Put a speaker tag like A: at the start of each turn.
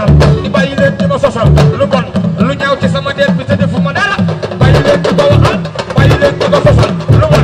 A: sosal bàyyi leen ci ma sosal lu bon lu ñaaw ci sama der bi te defuma dara bàyyi leen ci ma waxal bàyyi leen lu bon